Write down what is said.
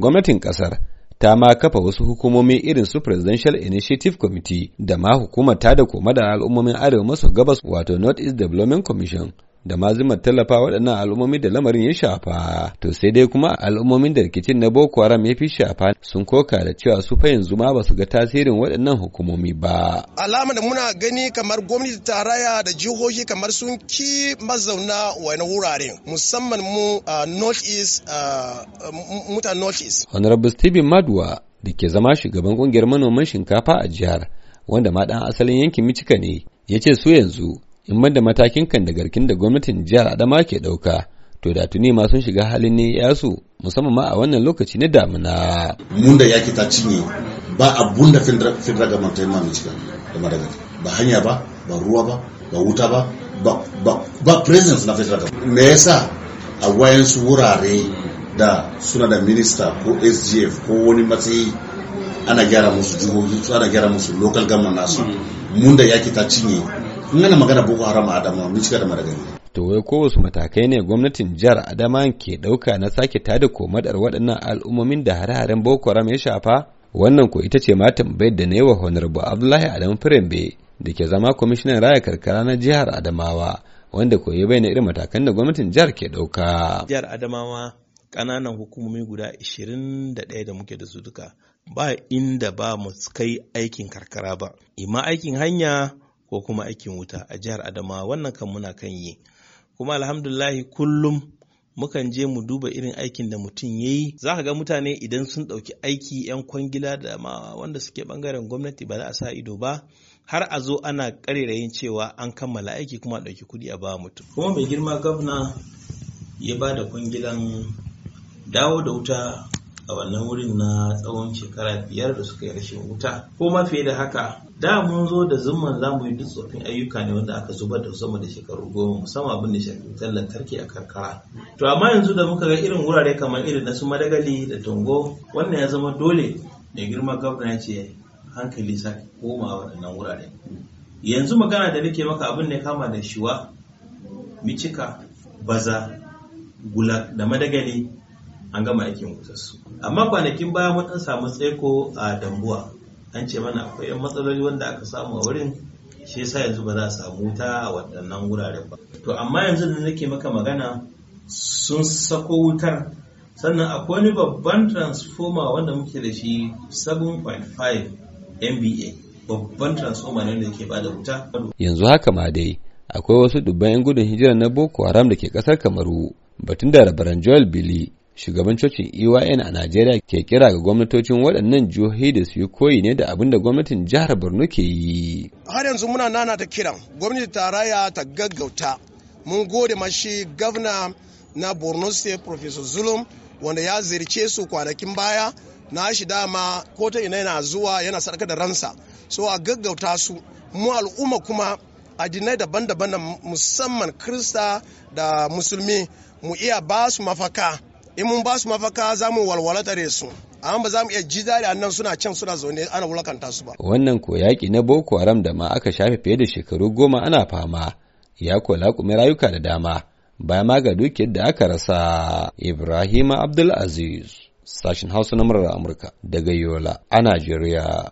gwamnatin ƙasar ta ma kafa wasu hukumomi irin su Presidential Initiative Committee da ma hukumar ta da koma da al'ummomin Arewa maso gabas wato North East Development Commission da ma zumar tallafa waɗannan al'ummomi da lamarin ya shafa to sai dai kuma al'ummomin da rikicin na boko haram ya fi shafa sun koka da cewa su fa yanzu ma ba su ga tasirin waɗannan hukumomi ba alama da muna gani kamar gwamnati ta tarayya da jihohi kamar sun ki mazauna wani wurare musamman mu north east mutan north east honorable stephen maduwa da ke zama shugaban kungiyar manoman shinkafa a jihar wanda ma 'dan asalin yankin michigan ne ya ce su yanzu in da matakin kan da garkin da gwamnatin jihar adama ke ɗauka to da tuni ma sun shiga halin ne ya su musamman ma a wannan lokaci na damina. mun da yaki ta cinye ba abun da federal government ta yi mamu cikin da madagali ba hanya ba ba ruwa ba ba wuta ba ba presence na federal government me yasa a wayansu wurare da suna da minista ko sgf ko wani matsayi ana gyara musu jihohi ana gyara musu local government nasu mm. mun da yaki ta cinye in ana magana boko haram a mun cika da maragani to wai ko wasu matakai ne gwamnatin jihar adama ke ɗauka na sake tada komadar waɗannan al'ummomin da hare-haren boko haram ya shafa wannan ko ita ce ma tambayar da na wa honorable abdullahi adamu firembe da ke zama kwamishinan raya karkara na jihar adamawa wanda ko ya bayyana irin matakan da gwamnatin jihar ke dauka jihar adamawa kananan hukumomi guda 21 da da muke da su duka ba inda ba mu kai aikin karkara ba imma aikin hanya ko kuma aikin wuta a jihar adamawa wannan kan muna kan yi kuma alhamdulahi kullum mukan je mu duba irin aikin da mutum ya yi za ka ga mutane idan sun ɗauki aiki 'yan kwangila da ma wanda suke ɓangaren gwamnati ba za a sa ido ba har a zo ana ƙarerayin cewa an kammala aiki kuma a ɗauki kuɗi a ba mutum kuma mai girma gwamna ya ba da kwangilan dawo da wuta a wannan wurin na tsawon shekara biyar da suka yi rashin wuta ko ma fiye da haka da mun zo da zumman za mu yi duk tsofin ayyuka ne wanda aka zubar da sama da shekaru goma musamman abin da shafi wutar lantarki a karkara to amma yanzu da muka ga irin wurare kamar irin na su madagali da tongo wannan ya zama dole mai girma gwamna ce hankali sake koma waɗannan wurare yanzu magana da nake maka abin ya kama da shiwa micika baza gula da madagali an gama aikin wutarsu amma kwanakin baya mun samu tseko a dambuwa an ce mana akwai yan matsaloli wanda aka samu a wurin shi yasa yanzu ba za a samu wuta a waɗannan wuraren ba to amma yanzu da nake maka magana sun sako wutar sannan akwai wani babban transformer wanda muke da shi 7.5 mba babban transformer ne da ke ba da wuta yanzu haka ma dai akwai wasu dubban 'yan gudun hijira na boko haram da ke kasar kamaru batun da rabaran joel billy shugaban cocin EYN a Najeriya ke kira ga gwamnatocin waɗannan jihohi da su yi koyi ne da abin da gwamnatin jihar Borno ke yi. Har yanzu muna nana ta kiran gwamnati tarayya ta gaggauta. Mun gode mashi gwamna na Borno State Professor Zulum wanda ya ziyarce su kwanakin baya na shi dama ko ta ina yana zuwa yana sadaka da ransa. So a gaggauta su mu al'umma kuma addinai daban-daban musamman Krista da Musulmi mu iya ba su mafaka in mun ba su mafaka za mu walwalata da su amma ba za mu iya ji dare annan suna can suna zaune ana wulakanta su ba wannan ko yaki na boko haram da ma aka shafe fiye da shekaru goma ana fama ya kola laƙumi rayuka da dama baya ma ga dukiyar da aka rasa ibrahima abdulaziz sashin hausa na murar amurka daga yola a najeriya